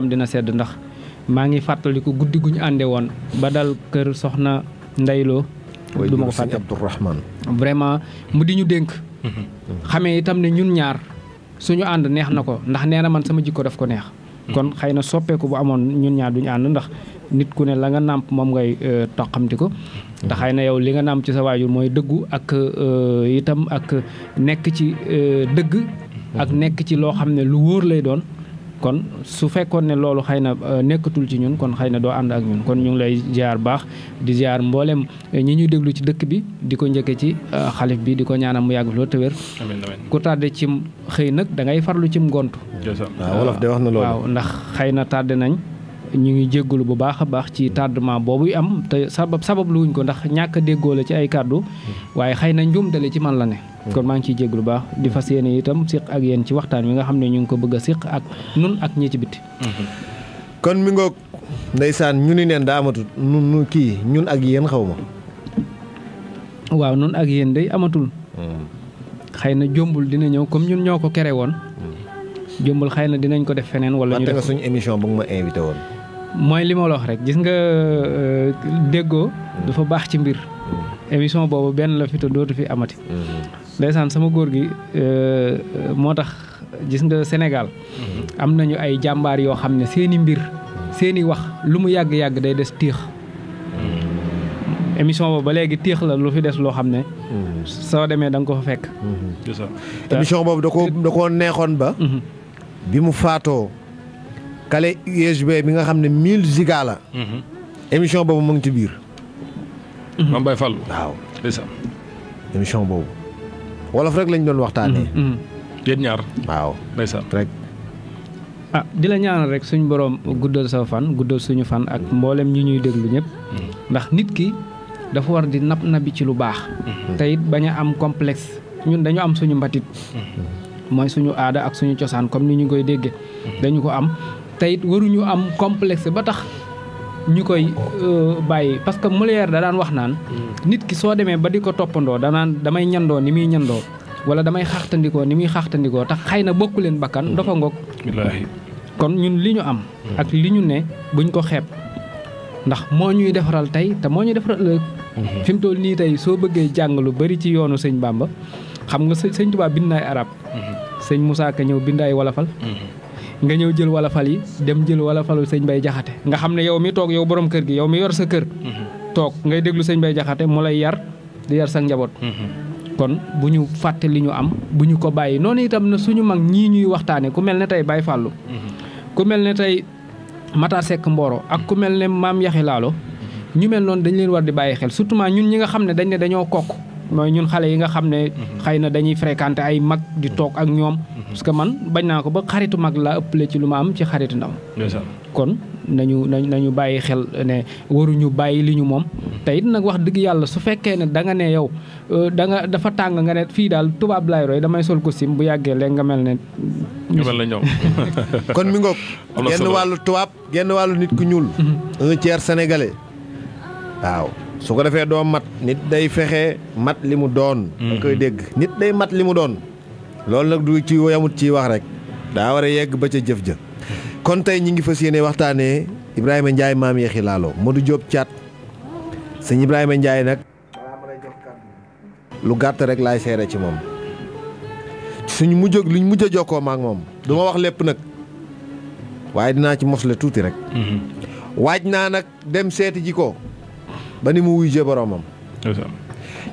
dina sedd ndax maa ngi fàttaliku guddi gu ñu àndee woon ba dal kër soxna Ndeylo. du ma ko fàtte Abdourahman vraiment mu di ñu dénk. Mhm. xamee itam ne ñun ñaar suñu ànd neex na ko ndax nee na man sama jikko daf ko neex. Mhm. kon xëy na soppeeku bu amoon ñun ñaar duñu ànd ndax nit ku ne la nga nàmp moom ngay euh, toqamti ko. Mhm. te xay na yow li nga nàmp ci sa waajur mooy dëggu ak euh, itam ak nekk ci euh, dëgg. ak nekk ci loo xam ne lu wóor lay doon. kon su fekkoon ne loolu xëy na euh, nekkatul ci ñun kon xëy na doo ànd ak ñun kon ñu ngi lay ziar baax di ziar mboolem euh, ñi ñuy déglu ci dëkk bi di ko njëkke ci euh, xalif bi di ko ñaanal mu yàgg loolu te wér ku tardé ci xëy nag da ngay farlu cim gontu waaw ndax xëy na tardé nañ ñu ngi jéggalu bu baax a baax ci tardement boobu am te sabab sabab luwuñ ko ndax ñàkk déggoo la ci ay kàddu hmm. waaye xëy na njuumtale ci man la ne kon maa ngi ciy jégg lu baax di fas yéene itam siq ak yéen ci waxtaan wi nga xam ne ñu ngi ko bëgg a ak nun ak ñi ci biti kon mi ngoog ndeysaan ñu ni neen daa amatul nun nu kii ñun ak yéen xaw ma waaw nun ak yéen day amatul hmm. xëy na jombul dina ñëw comme ñun ñoo ko kere woon hmm. jombul xëy na dinañ ko def feneen wala ñu def nga suñu émission bu nga invité woon mooy li ma la rek gis nga euh, déggoo hmm. dafa baax ci mbir émission boobu benn la fi te dootu fi amati ndeysaan sama góor gi euh, euh, moo tax gis nga Sénégal mm-hmm. am nañu ay jàmbaar yoo xam ne seeni mbir seeni wax lu mu yàgg-yàgg day des tiix mm-hmm. émission boobu ba léegi téex la lu fi des loo xam ne mm-hmm. soo demee da nga ko fa fekk émission boobu da ko koo neexoon ba bi mu faatoo kale USB bi nga xam ne mille giga la boobu mu ngi ci biir Mame Baye Fall waaw émission boobu wolof rek lañ doon waxtaanee. Mm-hmm. Mm-hmm. yéen ñaar. waaw ndeysaan rek. ah di la ñaanal rek suñu borom guddal sa fan guddal suñu fan ak mboolem ñi ñuy déglu ñëpp. Mm-hmm. ndax nit ki dafa war di nab nabi ci lu baax. te bañ a am complexe ñun dañu am suñu mbatit. mooy suñu aada ak suñu cosaan comme ni ñu koy déggee. dañu ko am te waruñu am complexe ba tax. ñu koy euh, bàyyi parce que Molière da daan wax naan. Mm. nit ki soo demee ba di ko toppandoo danaan damay ñandoo ni muy ñandoo wala damay xaxtandikoo ni muy xaxtandikoo tax xay na bokk leen bakkan mm. dafa ngoog. kon ñun li ñu am. Mm. ak li ñu ne bu buñ ko xeeb ndax moo ñuy defaral tey te moo ñu defaral ëllëg. Mm-hmm. fi mu toll nii tey soo bëggee jàng lu bari ci yoonu sëñ Bàmba xam nga sëñ Tuubaa bind na ay arab mm-hmm. sëñ Moussa Ka ñëw bind ay wolofal. Mm-hmm. nga ñëw jël wala fal yi dem jël wala falu sëñ bay jaxate nga xam ne yow mi toog yaw borom kër gi yaw mi yor sa kër mm-hmm. toog ngay déglu sañ bay jaxate mu lay yar di yar sa njaboot mm-hmm. kon bu ñu fàtte li ñu am bu ñu ko bàyyi noonu itam na suñu mag ñii ñuy waxtaane ku mel ne tay bay Fallou mm-hmm. ku mel ne tey Matar Seck Mboro ak ku mel ne maam Yaxi Laalo ñu mel noonu dañ leen war di bàyyi xel surtout ñun ñi nga xam ne dañ ne dañoo kokk mooy ñun xale yi nga xam ne mhm. xëy na dañuy fréquenter ay mag di toog ak ñoom mhm. parce que man bañ naa ko ba xaritu mag laa ëppale ci lu ma am ci xaritu ndaw kon nañu nañu nañu bàyyi xel ne waruñu bàyyi li ñu moom mhm. tey nag wax dëgg yàlla su fekkee ne da nga ne yow euh, da nga dafa tàng nga ne fii daal tubaab laay roy damay sol ko costume bu yàggee léegi nga mel ne kon mi ngoog genn wàllu tubaab genn wàllu nit ku ñuul un tiers waaw su ko defee doo mat nit day fexe mat li mu doon mm-hmm. da koy dégg nit day mat li mu doon loolu nag du ci yamut ci wax rek daa war a yegg ba ca jëf ja kon tey ñi ngi fas yéene waxtaanee Ibrahima njaay maam yeexi laaloo Modou Diop Thiat sëñ Ibrahima njaay nag lu gàtt rek laay seere ci moom suñu mujj luñ mujj a jokkoo maak moom du ma wax lépp nag waaye dinaa ci mosle tuuti rek mm-hmm. waaj naa nag dem seeti ji ko ba ni mu wuy jë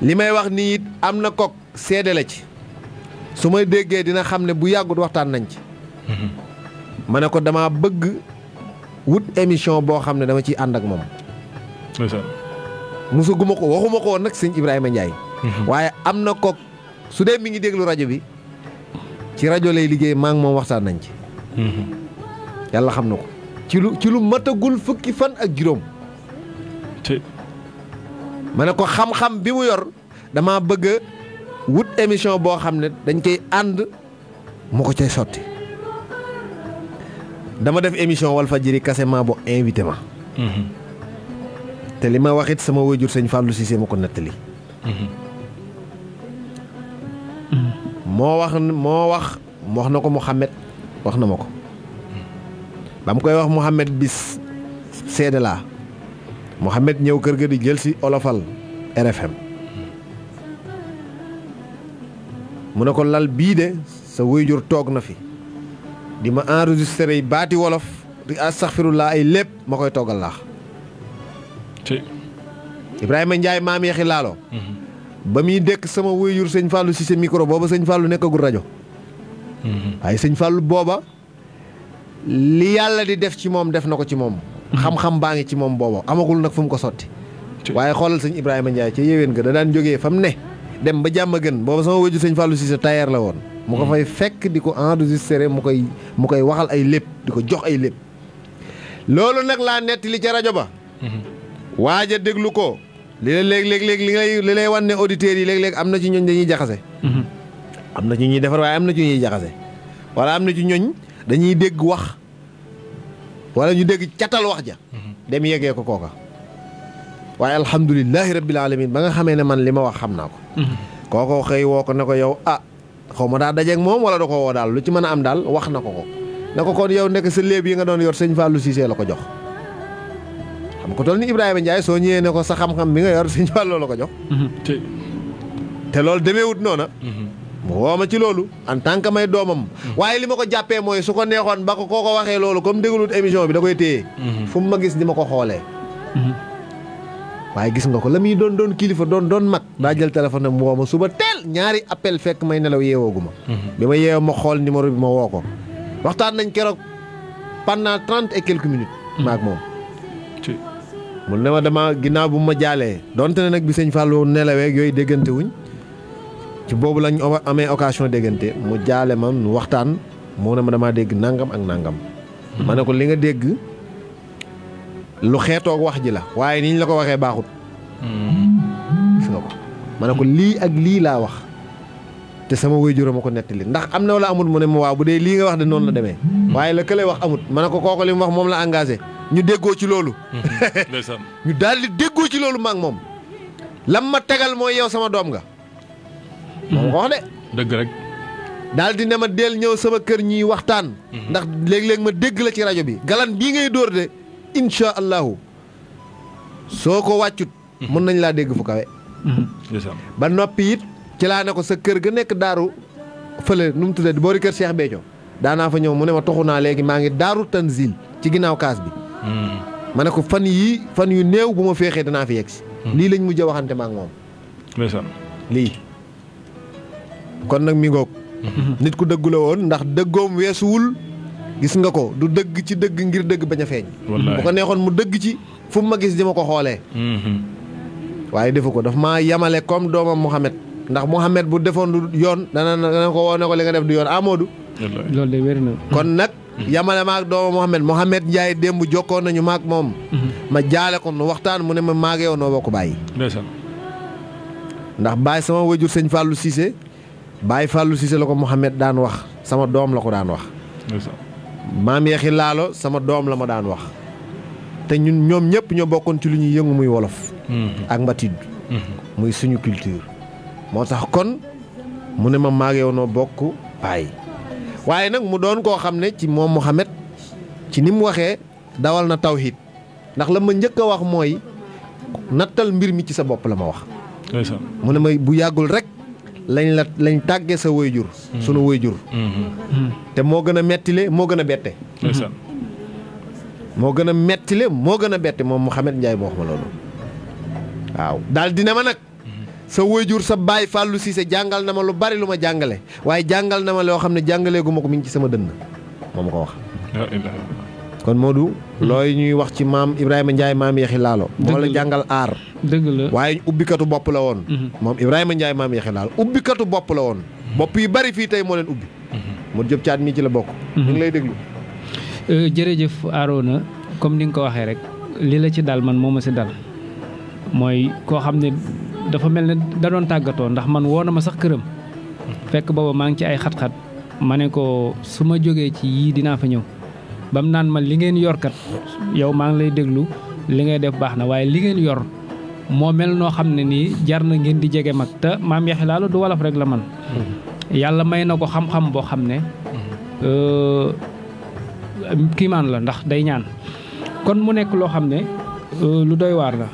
li may wax nii it am na kook seede la ci su may déggee dina xam ne bu yàggut waxtaan nañ ci mm-hmm. ma ne ko dama bëgg wut émission boo xam ne dama ci ànd ak moom musaguma ko waxuma ko woon nag sëñ Ibrahima Ndiaye mm-hmm. waaye am na kook su dee mi ngi déglu rajo bi ci rajo lay liggéey maa ngi moom waxtaan nañ ci mm-hmm. yàlla xam na ko ci lu ci lu matagul fukki fan ak juróom ma ne ko xam-xam bi mu yor damaa bëgg a wut émission boo xam ne dañ koy ànd mu ko cay sotti dama def émission Walfadjri kase ma bu invité ma. Mhm. te li ma waxit sama wajur sëñ Fallou Cissé ma ko nettali. Mhm. moo wax moo wax na ko Mouhamed wax na ma ko. Mhm. ba mu koy wax Mouhamed bi seede laa Mouhamed ñëw kër ga di jël si olofal RFM mu ne ko lal bii de sa wuy jur toog na fi di ma enregistré yi baati wolof sax di laa ay lépp ma koy toggal laax Ibrahima njaay maam yeexi laalo mhm. ba muy dekk sama jur sëñ Fallou si sa micro booba sëñ Fallou nekkagul rajo mhm. waaye sëñ Fallou booba li yàlla di def ci moom def na ko ci moom xam-xam baa ngi ci moom booba amagul nag fu mu ko sotti waaye xoolal sëñ Ibrahima Ndiaye ca yéwén ga da daan jógee fa mu ne dem ba jàmm gën booba sama wëju sëñ Fallou Cissé tailleur la woon mu ko mm. fay fekk di ko enregistré mu koy mu koy waxal ay lépp di ko jox ay lépp loolu nag laa netti li ca rajo ba mm-hmm. waaj a déglu ko li la léeg-léeg li ngay li lay wan ne auditeurs yi léeg-léeg am na ci ñooñ dañuy jaxase mm-hmm. am na ci ñuy defar waaye am na ci ñuy jaxase wala am na ci ñooñ dañuy dégg wax wala ñu dégg catal wax ja dem yegee ko kooka waaye alhamdulilahi rabbil alamin ba nga xamee ne man li ma wax xam naa ko kooko xëy woo ko ne ko yow a ah, xaw ma daa dajeeg moom wala da ko woo daal lu ci mën a am daal wax na ko ko na ko kon yow nekk sa léeb yi nga doon yor sëñ Fallou Cissé la ko jox xam ko toll ni Ibrahima Ndiaye soo ñëwee ne ko sa xam-xam bi nga yor sëñ Fallou la ko jox te loolu demeewut noona mu woo ma ci loolu en tant que may doomam. Hmm. waaye li ma ko jàppee mooy su ko neexoon ba ko koo ko waxee loolu comme dégluwut émission bi da koy téye. Hmm. fu mu ma gis ni ma ko xoolee. Hmm. waaye gis nga ko la muy doon doon kilifa doon doon mag. daa jël téléphone am woo ma suba teel ñaari appel fekk may nelaw yeewoogu ma. bi ma yeewoo ma xool numéro bi ma woo ko. waxtaan nañ keroog pendant trente et quelques minutes. maak moom. mu ne ma dama ginnaaw bu ma jaalee donte ne nag bi sëñ Fallou nelawee yooyu déggante ci boobu lañ amee occasion déggante mu jaale ma nu waxtaan moo ne ma damaa dégg nangam ak nangam. Hmm. ma ne ko li nga dégg lu xeetoog wax ji la waaye ni la ko waxee baaxut. Hmm. gis nga ko ne ko lii ak lii laa wax te sama waajur ma ko nettali ndax am na wala amut mu ne ma waaw bu dee lii nga wax de noonu la demee. Hmm. waaye la kële wax amut ma ne ko kooku li mu wax moom la engagé ñu déggoo ci loolu. ñu daal di déggoo ci loolu ma moom. lam ma tegal moo yow sama doom nga. moom ko wax de. dëgg rek. daal di ne ma del ñëw sama kër ñuy waxtaan. Mhm. ndax léeg-léeg ma dégg la ci rajo bi. galan bii ngay dóor de incha allahu soo ko wàccut. Mhm. mën nañ laa dégg fu kawe. Mhm. ba noppi it ci laa ne ko sa kër ga nekk daaru fële nu mu tuddee boori kër seex Béthio daanaa fa ñëw mu ne ma toxu naa léegi maa ngi daaru tanzil ci ginnaaw kaas bi. ma ne ko fan yii fan yu néew bu ma féexee danaa fi yegg si. lii lañ mujj a waxante ma ak lii. kon nag mi mhm. nit ku dëggu woon ndax dëggoom weesuwul gis nga ko du dëgg ci dëgg ngir dëgg bañ a feeñ. bu ko neexoon mu dëgg ci fu ma gis di ma ko xoolee. Mhm. waaye defu ko daf maa yamale comme doomam Mouhamed ndax Mouhamed bu defoon du yoon dana dana ko woone ko li nga def du yoon Amadou. loolu kon nag yamale maag doomam Mouhamed Mouhamed Ndiaye démb jokkoon nañu maag moom. Mhm. ma jaale ko nu waxtaan mu ne ma maagee woon noo bokk bàyyi. ndax bàyyi sama wajur sëñ Fallou Baye Fallou Cissé la ko Mouhamed daan wax sama doom la ko daan wax. maam yeexi laalo sama doom la ma daan wax. te ñun ñoom ñëpp ñoo bokkoon ci lu ñuy yëngu muy wolof. Mhm. ak mbatid mhm. muy suñu culture. moo tax kon mu ne ma maag yow bokk baay. waaye nag mu doon koo xam ne ci moom Mouhamed ci ni mu waxee dawal na tawhid ndax la ma njëkk a wax mooy nattal mbir mi ci sa bopp la ma wax. mu ne ma bu yàggul rek. lañ la lañ tàggee sa waajur mm-hmm. sunu waajur mm-hmm. te moo gën a mettile moo gën a bette moo gën a mettile moo gën a bette moom Mouhamed Ndiaye moo wax ma loolu waaw daal dina ma nag mm-hmm. sa waajur sa baay Fallou Cissé jàngal na ma lu bari lu ma jàngale waaye jàngal na ma loo xam ne jàngaleeguma ko mi ci sama dënn moo ma ko wax kon moo du looy ñuy wax ci maam Ibrahima Ndiaye maam Yaxi Laalo. moo la jàngal aar. dëgg la waaye ubbikatu bopp la woon. Mhm. moom Ibrahima Ndiaye maam Yaxi Laalo ubbikatu bopp la woon. Mhm. bopp yu bari fii tey moo leen ubbi. Mhm. Modou Diop caat mii ci la bokk. ñu lay déglu. Euh, jërëjëf Arona comme ni nga ko waxee rek li la ci dal man moo ma si dal mooy koo xam ne dafa mel ne da doon tàggatoo ndax man woo na ma sax këram. fekk booba maa ngi ci ay xat-xat ma ne ko su ma jógee ci yii dinaa fa ñëw. ba naan man li ngeen yorkat yow maa ngi lay déglu li ngay def baax na waaye li ngeen yor moo mel noo xam ne nii jar na ngeen di jege mag te maam yaxi laalo du wolof rek la man yàlla may na ko xam-xam boo xam ne euh, kiimaan la ndax day ñaan kon mu nekk loo xam ne euh, lu doy waar la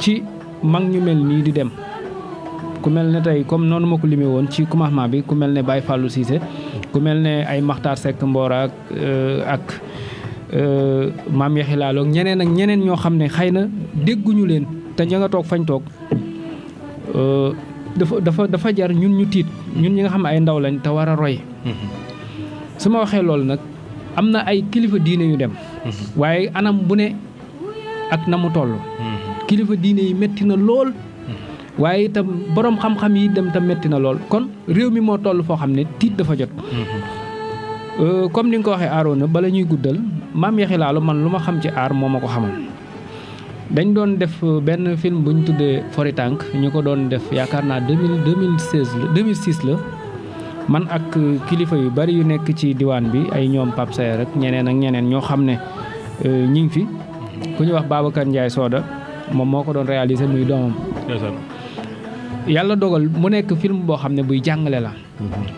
ci mag ñu mel nii di dem ku mel ne tey comme noonu ma ko limee woon ci commencement bi ku mel ne baay Fallou Cissé ku mel ne ay Maxtaar Seck Mbora ak euh, euh, maam Yaxi ñeneen ak ñeneen ñoo xam ne xëy na dégguñu leen te ña toog fañ toog euh, dafa dafa dafa jar ñun ñu tiit ñun ñi nga xam ay ndaw lañ te war a roy. Mm-hmm. su ma waxee loolu nag am na ay kilifa diine yu dem. Mm-hmm. waaye anam bu ne ak na mu toll. Mm-hmm. kilifa diine yi metti na lool. waaye itam borom xam-xam yi dem tam métti na lool kon réew mi moo toll foo xam ne tiit dafa jot. Mm-hmm. Euh, comme ni nga ko waxee aaroon na bala ñuy guddal maam yaxi laalu man lu ma xam ci aar moom ma ko xamal. dañ doon def euh, benn film bu ñu tuddee Fori Tànk ñu ko doon def yaakaar naa deux mille deux mille seize la deux mille la man ak euh, kilifa yu bari yu nekk ci diwaan bi ay ñoom Pape Saye rek ñeneen ak ñeneen ñoo xam ne ñi ngi fi. ku ñu wax Babacar Ndiaye moom moo ko doon réaliser muy doomam. yàlla dogal mu nekk film boo xam ne buy jàngale la.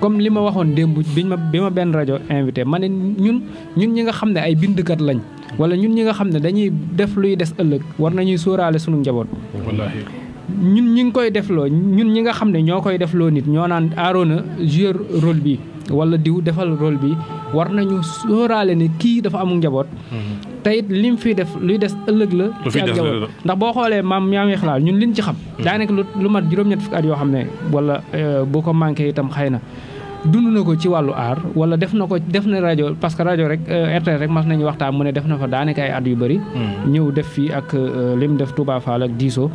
comme li ma waxoon démb bi ma bi benn rajo invité ma ne ñun ñun ñi nga xam ne ay bindkat lañ. wala ñun ñi nga xam ne dañuy def luy des ëllëg war nañuy sóoraale sunu njaboot. ñun ñi ngi koy defloo ñun ñi nga xam ne ñoo koy defloo nit ñoo naan aaroona jouer rôle bi wala diw defal rôle bi war nañu sóoraale ne kii dafa amul njaboot. Mhm. te it lim fi def luy des ëllëg la. ci ak njaboot ndax boo xoolee maam yaa ngi xalaat ñun liñ ci xam. Mhm. daanaka lu mat juróom-ñett fukki at yoo xam ne wala euh, bu ko manqué tam xay na. dund na ko ci wàllu aar wala def na ko def na rajo parce que rajo rek euh, RTS rek mas nañu waxtaan mu ne def na fa daanaka ay at yu bëri. Mhm. ñëw def fii ak euh, lim def Touba ak diisoo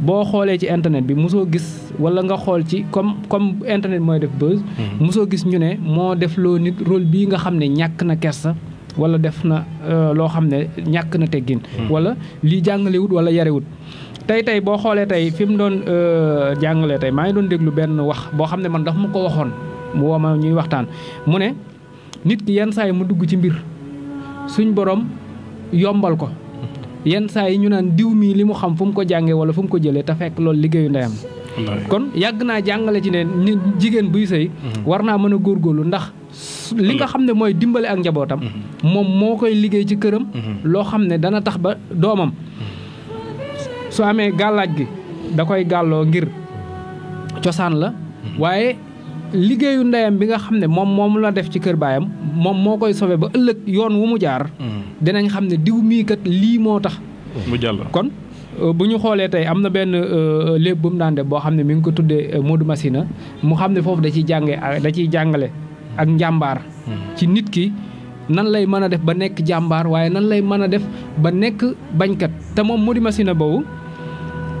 boo xoolee ci internet bi mosoo gis wala nga xool ci comme comme internet mooy def buzz. Mm-hmm. mosoo gis ñu ne moo def loo nit rôle bii nga xam ne ñàkk na kersa. wala def na euh, loo xam ne ñàkk na teggin. Mm-hmm. wala lii jàngalewut wala yarewut tey tey boo xoolee tey fi mu doon euh, jàngalee tey maa ngi doon déglu benn wax boo xam ne man dafa ma ko waxoon mu woo ma ñuy waxtaan mu ne nit ki yenn saa yi mu dugg ci mbir suñ borom yombal ko yenn saa yi ñu naan diw mii li mu xam fu mu ko jàngee wala fu mu ko jëlee te fekk loolu liggéeyu ndeyam kon yàgg naa jàngale ci ne nit jigéen buy sëy mhm. war naa mën a góorlu ndax li nga xam ne mooy dimbali ak njabootam mhm. moom moo koy liggéey ci këram mhm. loo xam ne dana tax ba doomam su amee gàllaaj gi da koy gàlloo ngir cosaan la waaye liggéeyu ndeyam bi nga xam ne moom moom la def ci kër baayam moom moo koy sauvé ba ëllëg yoon wu mu jaar. Hmm. dinañ xam ne diw mii lii moo tax. mu kon euh, bu ñu xoolee tey am na benn euh, léeb bu mu boo xam ne mu ngi ko tuddee euh, Modou Massina mu xam ne foofu da ciy jàngee da ciy jàngale ak njàmbaar. Hmm. ci nit ki nan lay mën a def ba nekk jàmbaar waaye nan lay mën a def ba nekk bañkat te moom Modou Massina boobu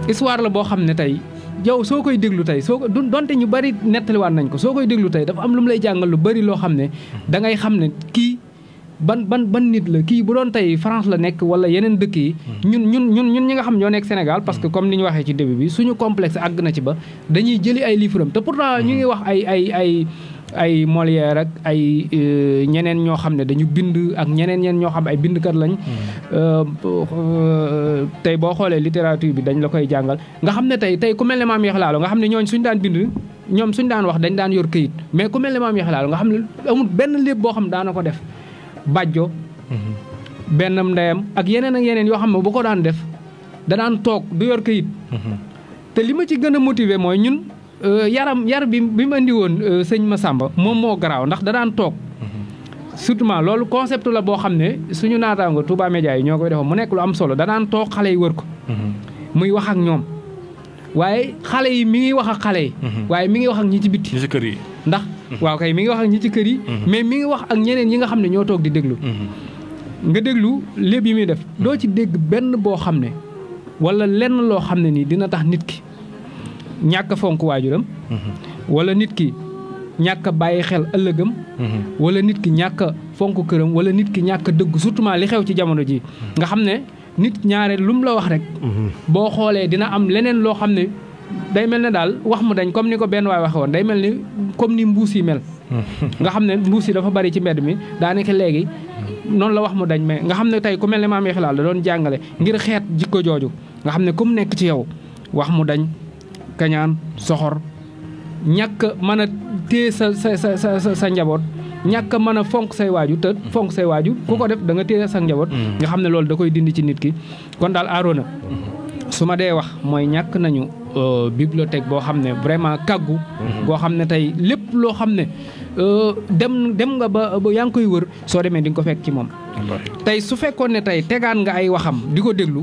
histoire la boo xam ne tey. yow soo koy déglu tey soo ko donte ñu bari nettaliwaat nañ ko soo koy déglu tey dafa am lu mu lay jàngal lu bari loo xam ne dangay ngay xam ne kii ban ban ban nit la kii bu doon tey France la nekk wala yeneen dëkk yi. ñun ñun ñun ñun ñi nga xam ñoo nekk Sénégal parce que comme ni ñu waxee ci début bi suñu complexe àgg na ci ba dañuy jëli ay livre am te pourtant ñu ngi wax ay ay ay. ay Molière rek ay euh, ñeneen ñoo xam ne dañu bind ak ñeneen ñeen ñoo xam ay bindkat lañ. Euh, tey boo xoolee littérature bi dañ la koy jàngal nga xam ne tey tey ku mel ne maam Yaxlaalo nga xam ne ñooñ suñu daan bind. ñoom suñ daan wax dañ daan yor këyit mais ku mel ne maam Yaxlaalo nga xam ne amut benn lépp boo xam daana ko def bàjjo. Mhm. benn ndeyam ak yeneen ak yeneen yoo xam ne bu ko daan def da daan toog du yor këyit. Mhm. te li ma ci gën a motiver mooy ñun. Euh, yaram yar bi bi mu andi woon euh, sëñ Massamba moom moo garaaw ndax da daan toog. surtout loolu concept la boo xam ne suñu naataango Touba Média yi ñoo koy defoon mu nekk lu am solo da daan toog xale yi wër ko. muy wax ak ñoom. waaye xale yi mi ngi wax ak xale yi. waaye mi ngi wax ak ñi ci bitti. ñi ci kër yi ndax. waaw kay mi ngi wax ak ñi ci kër yi. mais mi ngi wax ak ñeneen ñi nga xam ne ñoo toog di déglu. nga déglu lépp yi muy def. doo ci dégg benn boo xam ne. wala lenn loo xam ne nii dina tax nit ki. ñàkk a fonk waajuram wala nit ki ñàkk bàyyi xel ëllëgam wala nit ki ñàkk fonk këram wala nit ki ñàkk dëgg surtout li xew ci jamono ji nga xam ne nit ñaare lu mu la wax rek boo xoolee dina am leneen loo xam ne day mel ne daal wax mu dañ comme ni ko benn waaye waxe woon day mel ni comme ni mbuus yi mel nga xam ne mbuus yi dafa bari ci mbedd mi daanaka léegi noonu la wax mu dañ mais nga xam ne tey ku mel ne maam Yaxlaal da doon jàngale ngir xeet jikko jooju nga xam ne comme nekk ci yow wax mu dañ kañaan soxor ñàkk mën a téye sa sa sa sa sa njaboot ñàkk mën a fonk say waaju te mm. fonk say waaju ku ko def da nga téye sa njaboot mm. nga xam ne loolu da koy dindi ci nit ki kon daal Arona mm. su ma dee wax mooy ñàkk nañu euh, bibliothèque boo xam ne vraiment kàggu mm-hmm. boo xam ne tey lépp loo xam ne euh, dem dem nga ba yaa ngi koy wër soo demee di ko fekk ci moom tey su fekkoon ne tey tegaan nga ay waxam di ko déglu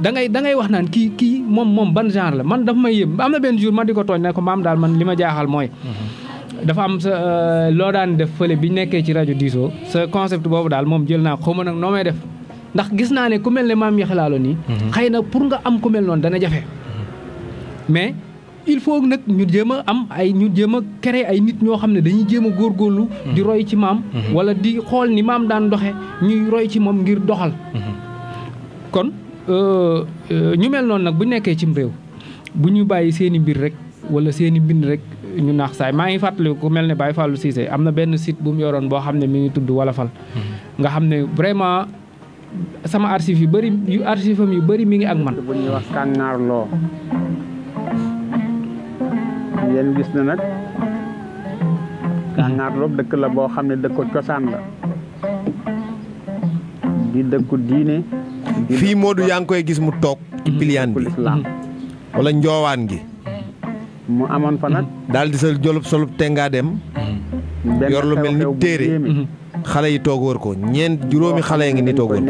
da ngay da ngay wax naan kii kii moom moom ban genre la man dafa may yëb am na benn jour ma di ko tooñ ne ko maam daal man li ma jaaxal mooy. Mhm. dafa am sa euh, loo daan def fële bi nekkee ci rajo diisoo sa concept boobu daal moom jël naa xaw ma nag noo def ndax gis naa ne ku mel ne maam Yaxya Laalo nii. Mhm. xëy na pour nga am ku mel dana jafe. Mhm. mais il faut nag ñu jëm a am ay ñu jëm a créer ay nit ñoo xam ne dañuy jéem a góorlu di roy ci maam. wala di xool ni maam daan doxe ñuy roy ci moom ngir doxal. Euh, euh, ñu mel noonu nag bu nekkee cim réew bu ñu bàyyi seen i mbir rek wala seen i mbind rek ñu naax saay maa ngi fàttaliku ku mel ne Baye Fallou Cissé am na benn site bu mu yoroon boo xam ne mu ngi tudd Walafal. Mm-hmm. nga xam ne vraiment sama arsif yu bari yu archive yu bari mi ngi ak man. bu ñuy wax kànnaar loo yéen gis na nag kànnaar loo dëkk la boo xam ne dëkku cosaan la di dëkku diine. fii Modou yaa ngi koy gis mu toog ci mm-hmm. piliyaan bi mm-hmm. wala njoowaan gi mu amoon fa nag mm-hmm. daal di sa jolub solub tengaa dem yor lu mel ni téere xale yi toog wër ko ñeent juróomi xale yi ngi ni toog wër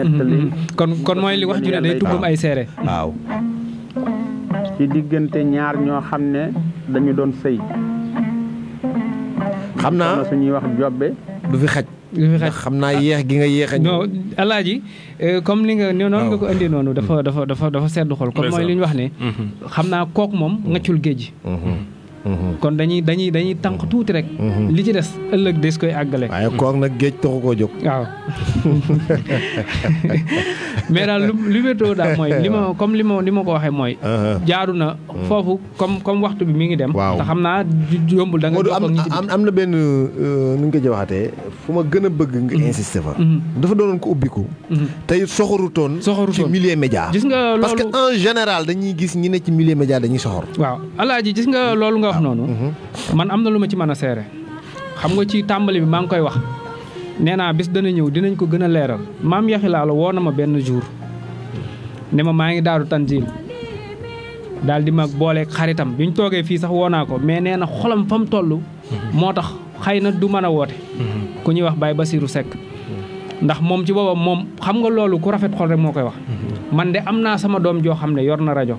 kon kon mooy li wax ju ne day tuggum ay seere waaw ci diggante ñaar ñoo xam ne dañu doon sëy xam naa suñuy wax jobbe du fi xaj ndax xam naa yéex gi nga yéex a. non euh, comme li nga noonu nga ko indi noonu. dafa dafa dafa xol comme mooy li ñu wax ne. Mm-hmm. xam naa kook moom mm-hmm. ngàccul géej. kon dañuy dañuy dañuy tànq mhm. tuuti rek. Mhm. li ci des ëllëg des koy àggale. waaye koor nag géej taxu koo jóg. waaw mais daal lu lu wéetoo daal mooy li ma li ma ko waxee mooy. jaaru na mhm. foofu comme comme waxtu bi mi ngi dem. waaw te xam naa yombul da nga. am am na benn euh, nu ñu ko waxatee fu ma gën a bëgg nga insisté fa. dafa doonoon ko ubbiku. tey soxorutoon. soxorutoon ci milieu média. gis nga loolu parce que gis ñi ne ci milieu média dañuy gis nga loolu nga wax noonu. Mhm. man am na lu ma ci mën a seere. xam nga ci tàmbali bi maa ngi koy wax nee naa bis dana ñëw dinañ ko gën a leeral maam Yaxi Laalo woo na ma benn jour ne ma maa ngi daaru Tanzil daal di mag booleeg xaritam bi ñu toogee fii sax woo naa ko mais nee na xolam fa mu toll. Mhm. moo tax xëy na du mën a woote. Mhm. ku ñuy wax Baye Basirou Seck. ndax moom ci boobam moom xam nga loolu ku rafet xol rek moo koy wax. man de am naa sama doom joo xam ne yor na rajo.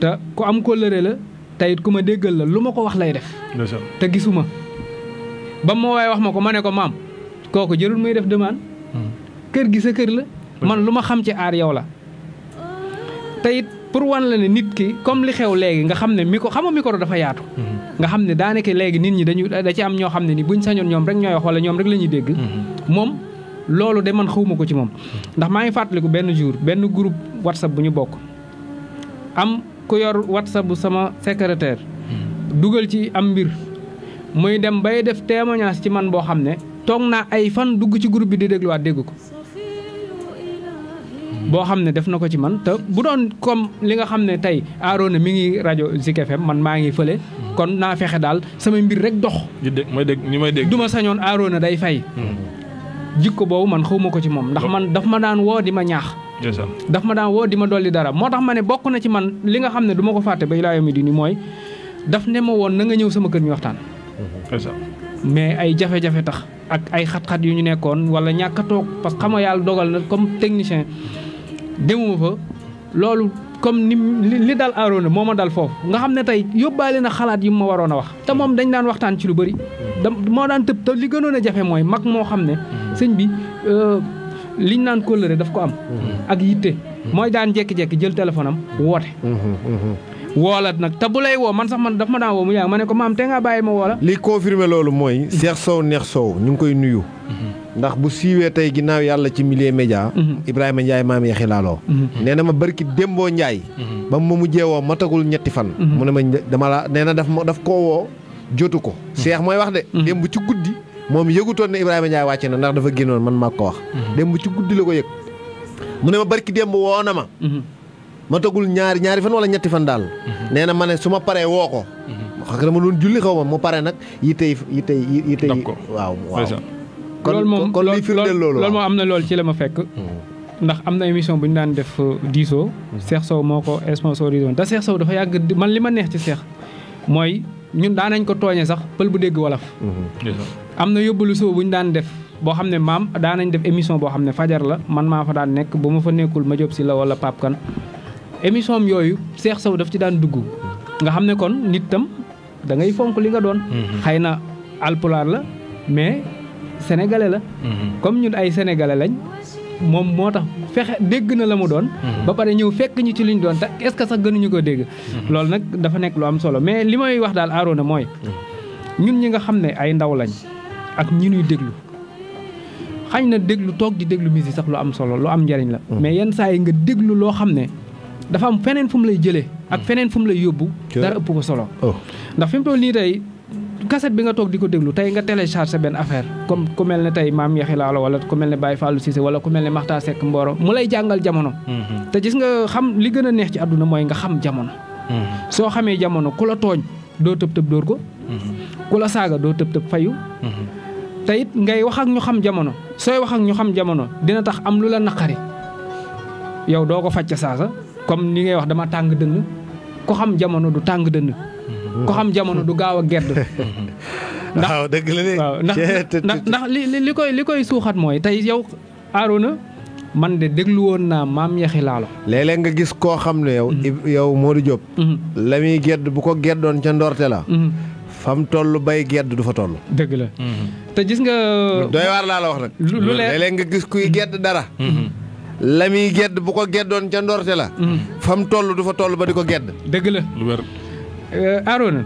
te ku am kóllëre la tey ku ma déggal la lu ma ko wax lay def. te gisuma ba ma waaye wax ma ko ma ne ko maam kooku jërul muy def demande. Hmm. kër gi sa kër la. man lu ma xam ci aar yow la. te pour wan la ne nit ki comme li xew léegi nga xam ne micro xam nga micro dafa yaatu. Hmm. nga xam ne daanaka léegi nit ñi dañu da ci am ñoo xam ne ni buñ sañoon ñoom rek ñooy wax wala ñoom rek la ñuy dégg. Hmm. moom loolu de man xawma ko ci moom. ndax maa ngi fàttaliku benn jour benn groupe whatsapp bu ñu bokk ku yor whatsapp bu sama secrétaire dugal ci am mbir muy dem bay def témoignage ci man boo xam ne toog naa ay fan dugg ci groupe bi di dégluwaat dégg ko boo xam ne def na ko ci man te bu doon comme li nga xam ne tey Arona mi ngi rajo Zik FM man maa ngi fële kon naa fexe daal samay mbir rek dox. ñu dégg dégg ñu may dégg. du ma sañoon Arona day fay. Mm-hmm. jikko boobu man xawma ko ci moom ndax man daf ma daan woo di ma ñaax daf ma daan woo di ma dolli dara moo tax ma ne bokk na ci man li nga xam ne du ma ko fàtte ba ilaa di diini mooy daf ne ma woon na nga ñëw sama kër ñu waxtaan mm-hmm. mais ay jafe-jafe tax ak ay xat-xat yu ñu nekkoon wala ñàkk a toog parce que xam nga yàlla dogal na comme technicien demuma fa loolu comme ni li dal Arona moo ma dal foofu nga xam ne tey yóbbaale na xalaat yi mu ma waroon a wax te moom dañ daan waxtaan ci lu bëri mm-hmm. da moo daan tëb li gënoon a jafe mooy mag moo xam ne mm-hmm. sëñ bi li euh, liñ naan kóllëre daf ko am. Mm-hmm. ak yitte. Mm-hmm. mooy daan jékki-jékki jël téléphone am woote. Mm-hmm. woolat nag te bu lay woo man sax man daf ma daan woo mu yàgg ma ne ko maam te nga bàyyi ma woola. li confirmer loolu mooy. seex Sow Neex Sow ñu ngi koy nuyu. ndax bu siiwee tey ginnaaw yàlla ci milieu média Ibrahima Ndiaye maam yaxi laaloo nee na ma barki démboo Ndiaye ba mu mujjee woo matagul ñetti fan mu ne ma dama la nee na daf ma daf koo woo jotu ko Cheikh mooy wax ci guddi moom yëgutoon ne Ibrahima Ndiaye wàcc na ndax dafa génnoon man maa ko wax. Mhm. démb ci guddi la ko yëg. mu ne ma barki démb woo na ma. Mhm. ma tagul ñaari ñaari fan wala ñetti fan daal. Mhm. nee na ma ne su ma paree woo ko. xam nga dama doon julli xaw ma mu pare nag yi tey yi tey yi tey. waaw waaw. kon kon liy firndeel loolu loolu moom am na loolu ci la ma fekk. Hmm. ndax am na émission bu ñu daan def euh, diisoo. Hmm. Cheikh Sow moo ko sponsorisé woon te Cheikh Sow dafa yàgg man li ma neex ci Cheikh mooy ñun daan nañ ko tooñee sax pël bu dégg wolof. Hmm. am na yóbbulu suba bu ñu daan def boo xam ne maam daan nañ def émission boo xam ne fajar la man maa fa daan nekk bu ma fa nekkul ma job si la wala Pape Kane émission yooyu Cheikh Sow daf ci daan dugg nga xam ne kon nit tam da ngay fonk li nga doon. Mm-hmm. xëy na alpulaar la mais sénégalais la. Mm-hmm. comme ñun ay sénégalais lañ moom moo tax fexe dégg na la mu doon. Mm-hmm. ba pare ñëw fekk ñu ci liñ doon te est ce que sax gënuñu ko dégg. loolu nag dafa nekk lu am solo mais li may wax daal aaroon na mooy. ñun ñi nga xam ne ay ndaw lañ. ak ñi ñuy déglu xañ na déglu toog di déglu musique sax lu am solo lu am njariñ la. Mm. mais yenn saa yi nga déglu loo xam ne dafa am feneen fu mu lay jële ak mm. feneen fu mu lay yóbbu. dara ëpp ko solo. Oh. ndax fi mu toll nii tey cassette bi nga toog di ko déglu tey nga sa benn affaire comme ku mel ne tey maam Yaxi Laalo wala ku mel ne Baye Fallou Cissé wala ku mel ne Makhtar Seck Mboro mu lay jàngal jamono. Mm-hmm. te gis nga xam li gën a neex ci àdduna mooy nga xam jamono. Mm-hmm. soo xamee jamono ku la doo tëb tëb dóor mm-hmm. doo tëb tëb te ngay wax ak ñu xam jamono sooy wax ak ñu xam jamono dina tax am lu la naqari yow doo ko fàcce saasa comme ni ngay wax dama tàng dënn ko xam jamono du tàng dënn ko xam jamono du gaaw a gedd waaw dëgg la de ndax ndax li li koy li koy suuxat mooy tey yow Arouna man de déglu woon naa maam yaxi laalo léeg nga gis koo xam ne yow mm-hmm. yow Modou Diop mm-hmm. la muy gedd bu ko geddoon ca ndoorte la mm-hmm. fam toll bay gedd du fa toll. dëgg la. te gis nga. doy waar laa la wax nag. lu léeg nga gis kuy gedd dara. la muy gedd bu ko geddoon ca ndorte la. Mm-hmm. fam toll du fa toll ba di ko gedd. dëgg la. lu euh,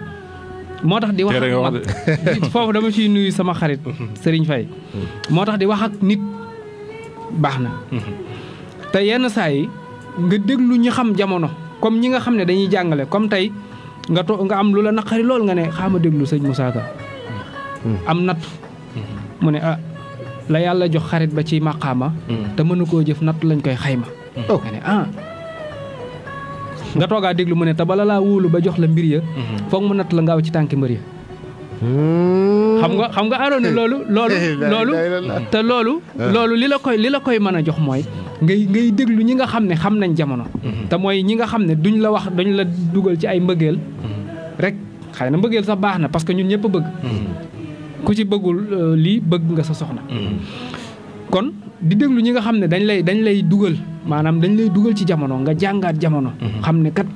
moo tax di wax ak mag foofu dama ciy nuyu sama xarit Serigne Faye mm-hmm. moo tax di wax ak nit baax na mm-hmm. te yenn saa yi nga déglu ñi xam jamono comme ñi nga xam ne dañuy jàngale comme tey nga to nga am lu la naqari loolu nga ne xaama déglu sañ Moussa Ka hmm. am natt hmm. mu ne a ah, la yàlla jox xarit ba ci maqaama hmm. te mënu koo jëf natt lañ koy xayma nga ne ah. nga toogaa déglu mu ne te bala laa wóolu ba jox la mbir ya foog mu natt la ngaaw ci tànki mbër ya xam nga xam nga aroon ne loolu loolu loolu te loolu ah. loolu li la koy li la koy mën a jox mooy ngay ngay déglu ñi nga xam ne xam nañ jamono. Mhm. te mooy ñi nga xam ne duñ la wax dañ la dugal ci ay mbëggeel. Mhm. rek xëy na mbëggeel sa baax na parce que ñun ñëpp a bëgg. Mhm. ku ci bëggul euh, lii bëgg nga sa soxna. kon di déglu ñi nga xam ne dañ lay dañ lay dugal maanaam dañ lay dugal ci jamono nga jàngaat jamono. xam ne kat.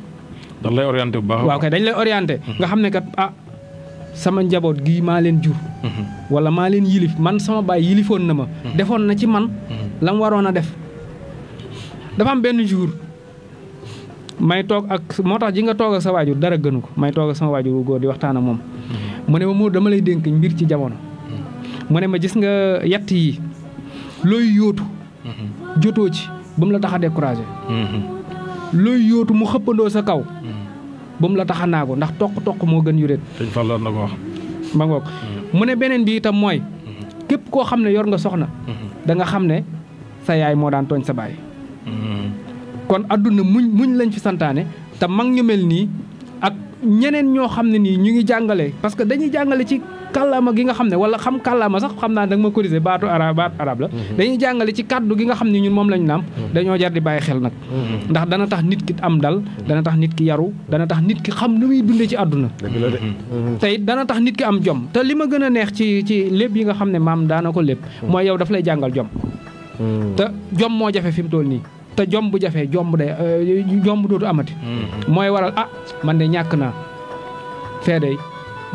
dañ lay orienté bu baax waaw dañ lay orienté. nga xam ne kat a ah, sama njaboot gi maa leen jur. wala maa leen yilif man sama baay yilifoon na ma. defoon na ci man. la mu waroon a def. dafa am benn jour may toog ak moo tax ji nga toog ak sa waajur dara gënu ko may toog ak sama waajur wu góor di waxtaana moom. mu ne ma moo dama lay dénk mbir ci jamono. mu ne ma gis nga yatt yi looy yóotu. jotoo ci ba mu la tax a découragé. looy yóotu mu xëppandoo sa kaw. ba mu la taxa a naagu ndax toq-toq moo gën yuréet. dañ fa ko wax. ngoog mu ne beneen bi itam mooy. képp koo xam ne yor nga soxna. Mhm. da nga xam ne sa yaay moo daan tooñ sa baay. kon adduna muñ muñ lañ fi santaane te mag ñu nii ak ñeneen ñoo xam ne nii ñu ngi jàngale parce que dañuy jàngale ci kàllaama gi nga xam ne wala xam kàllaama sax xam naa da nga ma corriger baatu arab baatu arab la mhm. dañuy jàngale ci kàddu gi nga xam ne ñun moom lañu nàmp mhm. dañoo jar di bàyyi xel nag mhm. ndax dana tax nit ki am dal dana tax nit ki yaru dana tax nit ki xam nu muy dundee ci àdduna tey it dana tax nit ki am jom te li ma gën a neex ci ci lépp yi nga xam ne maam daana ko lépp mooy yow daf lay jàngal jom Mm. te jom moo jafe fi mu toll nii te jom bu jafee jomb day euh, jomb dootu amati mm-hmm. mooy waral ah man de ñàkk naa fee day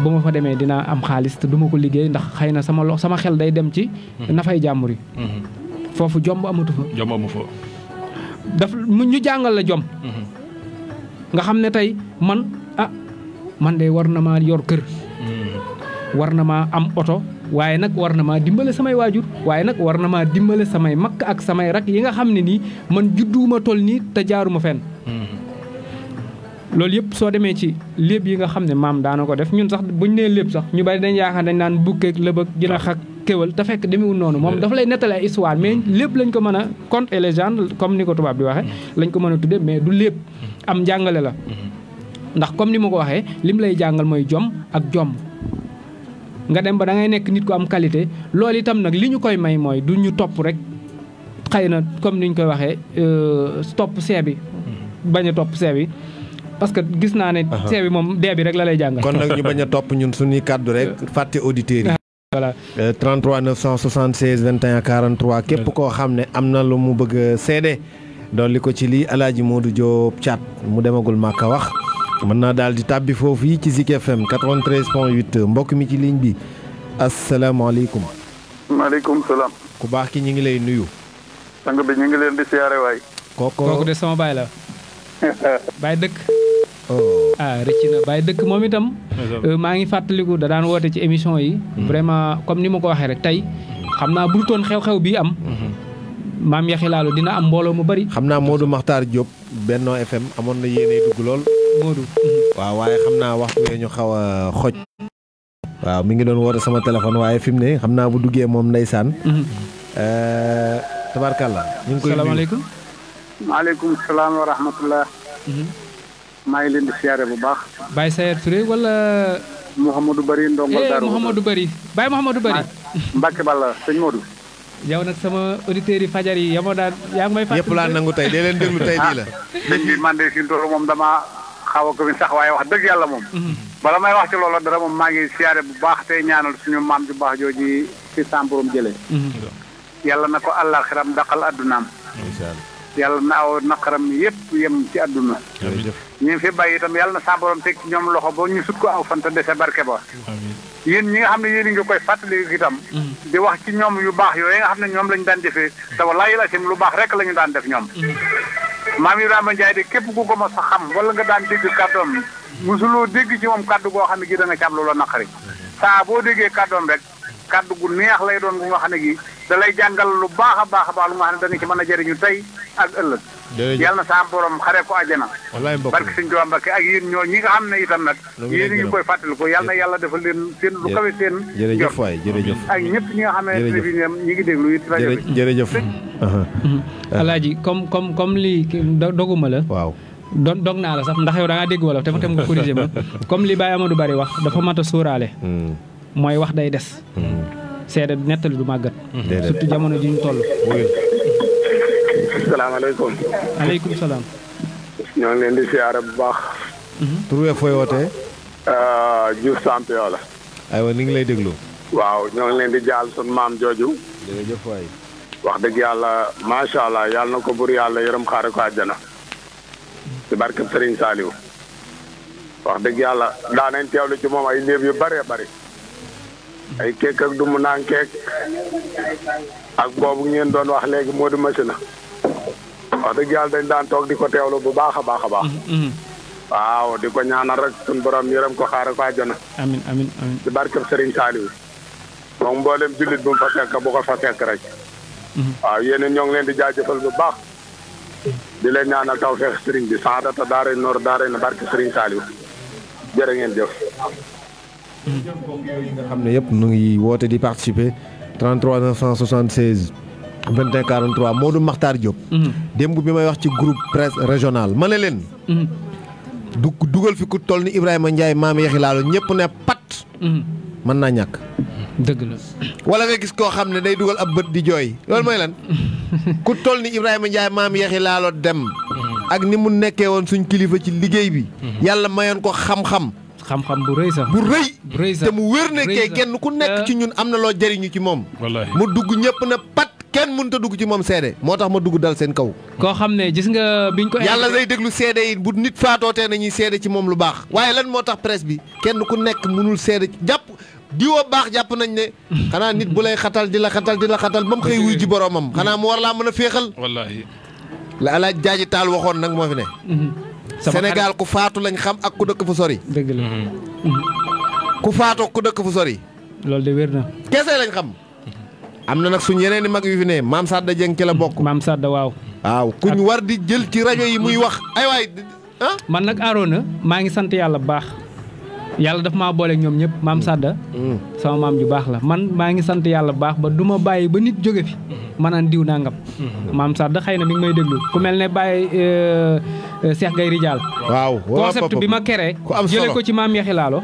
bu ma fa demee dinaa am xaalis te du ko liggéey ndax xëy na sama lo sama xel day dem ci mm-hmm. nafay jàmbur yi mm-hmm. foofu jomb amatu fa jomb amu fa daf ñu jàngal la nga xam ne tey man ah man de war na maa yor kër war na maa am oto waaye nag war na maa dimbale samay waajur waaye nag war na maa dimbale samay makk ak samay rak yi nga xam ne nii man judduwuma toll nii te jaaruma fenn. loolu yëpp soo demee ci léeb yi nga xam ne maam daana ko def ñun sax buñ nee léeb sax ñu bari dañ yaakaar dañ naan bukkeeg lëbëg dina xak kéwal te fekk demewul noonu moom dafa lay nettali ay histoire mais lépp lañ ko mën a kont et légende comme ni ko tubaab di waxee lañ ko mën a tudde mais du lépp am njàngale la ndax comme ni ma ko waxee lim lay jàngal mooy jom ak jom nga dem ba da ngay nekk nit ku am qualité loolu itam nag li ñu koy may mooy du ñu topp rek xëy na comme ni ñu koy waxee euh, topp see bi mhm. bañ a topp see bi parce que gis naa ne. see bi moom dee bi rek la lay jàng kon nag ñu bañ a topp ñun suñuy kàddu rek fàtte auditeurs yi. voilà 33 976 21 43 képp koo xam ne am na lu mu bëgg a doo li ko ci lii El moo du Diop Thiat mu demagul màkka wax. mën naa daal di tàbbi foofu yi ci Zik FM 93 point 8 mbokk mi ci ligne bi asalaamaaleykum. maaleykum salaam. ku baax ki ñu ngi lay nuyu. sang bi ñu ngi leen di siyaare waay. kooku kooku de sama baay la. baay dëkk. Oh. ah rëcc na baay dëkk moom itam. Euh, maa ngi fàttaliku da daan woote ci émission yi. Hmm. vraiment comme ni ma ko waxee rek tey xam naa bul toon xew-xew bi am. Hmm. maam yaxi laalu dina am mbooloo mu bari xam naa Modou Makhtar Diop Benno FM amoon na yéene dugg lool Modou waaw waaye xam naa wax wee ñu xaw a xoj waaw mi ngi doon woote sama téléphone waaye fi mu ne xam naa bu duggee moom ndeysaan mhm. euh, tabarkàlla ñu ngi koy salaamaaleykum maaleykum salaam wa rahmatullah mhm. ngi leen di siyaare bu baax Baye Sayer Touré wala Mouhamadou Bari ndongol eh, Daaru Mouhamadou Bari Baye Mouhamadou Bari Mbacke Balla sëñ Modou yow nag sama auditeurs yi fajar yi yamoo daan yaa ngi may fàttali. yëpp laa nangu tey dee leen déglu tey nii ah, la. léegi man de si moom dama xaw a ko sax waaye wax dëgg yàlla moom. Mm-hmm. bala may wax ci loolu dara moom maa ngi siyaare bu baax tey ñaanal suñu maam ju baax jooju ci sàmburum jëlee. Mm-hmm. yàlla na ko àllaaxiram daqal àddunaam yàlla na aw naqaram yëpp yem ci adduna ñu fi bàyyi tam yàlla na sàmburum teg ci ñoom loxo boo ñu sut ko aw fan te dese yéen ñi nga xam ne yéen nga koy fàttali itam mm. di wax ci ñoom yu baax yooyu nga xam ne ñoom lañu daan defee mm. te wallaahi la lu baax rek lañu daan def ñoom mm. maam ma Ndiaye de képp ku ko ma sa xam wala nga daan dégg kàddoom musuloo dégg ci moom kàddu goo xam ne gi da nga ci am loola naqari saa boo déggee kàddoom rek kàddu gu neex lay doon bu nga xam ne gi da lay jàngal lu baax a baax a baax lu nga xam ne dana ci mën a jëriñu tey ak ëllëg yàlla na saa borom xare ko àjjana barke suñu Tuubaa Mbàkke ak yéen ñoo ñi nga xam ne itam nag yéen ñu koy fàttali ko yàlla na yàlla defal leen seen lu kawe seen jërëjëf waay jërëjëf ak ñëpp ñi nga xam ne fi ñi ngi déglu it rajo bi jërëjëf alaaji comme comme comme lii doguma la waaw don dog naa sax ndax da ngaa dégg wolof te ma tam nga corrigé ma comme li Baye Amadou Bari wax dafa mat a sóoraale hmm. mooy wax day des. Hmm. seede nettali du màggat. surtout jamono ji ñu toll. salaamaaleykum. aleykum salaam. ñoo ngi leen di siyaare bu baax. Hmm. tur we fooy wootee. Euh, Diouf Sampion la. aywa ni ngi lay déglu. waaw ñoo ngi leen di jaal sun maam jooju. jërëjëf waay. wax dëgg yàlla macha allah yàlla na ko bur yàlla yërëm xaare ko àjjana. ci barkeb Serigne Saliou. wax dëgg yàlla daanañ teewlu ci moom ay léeb yu bëree bëri. ay keek ak du mu naan ak boobu ngeen doon wax léegi moo di machine na wax dëgg yàlla dañ daan toog di ko teewlu bu baax a baax a baax mm-hmm, mm-hmm. waaw di ko ñaanal rek suñu borom yërëm ko xaaral ko àjjana amin amin amin di barkeb Serigne Saliou moom mboolem jullit bu mu fa fekk bu ko fa fekk rek mm-hmm. waaw yéen ñoo ngi leen di jaajëfal bu baax di leen ñaanal taw feex Serigne bi saadata daara noor daara na barke Serigne Saliou jërë ngeen jëf mbokk na yëpp nu ngi woote di participer 33 976 21 43 Modou Makhtar Diop. Mhm. démb bi may wax ci groupe presse régional ma ne leen. Mhm. du dugal fi ku toll ni Ibrahima Ndiaye maam yaxi laalo ñëpp ne pat. Mhm. mën naa ñàkk. dëgg la. wala nga gis koo xam ne day dugal ab bët di jooy loolu mooy lan. ku toll ni Ibrahima Ndiaye maam yaxi laalo dem. ak ni mu nekkee woon suñ kilifa ci liggéey bi. yàlla mayoon ko xam-xam. xam-xam bu rëy bu rëy bu rëy te mu wéer ne kenn ku nekk euh. ci ñun am na loo jëriñu ci moom wallaahi mu dugg ñëpp na pat kenn mënut a dugg ci moom seede moo tax ma dugg dal seen kaw koo xam ne gis nga biñ ko yàlla lay déglu seede yi bu nit faatootee nañuy seede ci moom lu baax waaye lan moo tax presse bi kenn ku nekk mënul seede jàpp diwoo baax jàpp nañ ne xanaa nit bu lay xatal di la xatal di la xatal ba mu xëy wuy ji boromam xanaa mu war laa mën a féexal wallaahi la alaaj jaaji taal waxoon nag moo fi ne mhm. Sénégal ku faatu lañ xam ak ku dëkk fu sori. dëgg la. Mhm. ku faatoo ku dëkk fu sori. loolu de wér na. kese lañ xam. am na nag suñ yeneen i mag yu fi ne maam Sadda Dieng ci la bokk. maam Sadda waaw. waaw kuñ war di jël ci rajo yi muy wax. ay waay man nag Arona maa ngi sant yàlla baax. yàlla daf maa booleeg ñoom ñëpp maam mm. Sadda. Mm. sama maam ju baax la man maa ngi sant yàlla bu baax ba du ma bàyyi ba nit jóge fi. Mm-hmm. ma naan diw nangam. Mm-hmm. maam Sadda xay na mi ngi may déglu ku mel ne Baye euh, Cheikh Gay Rijaal. waaw concept bi ma keree. ku am solo jëlee ko ci maam Yaxi Laalo.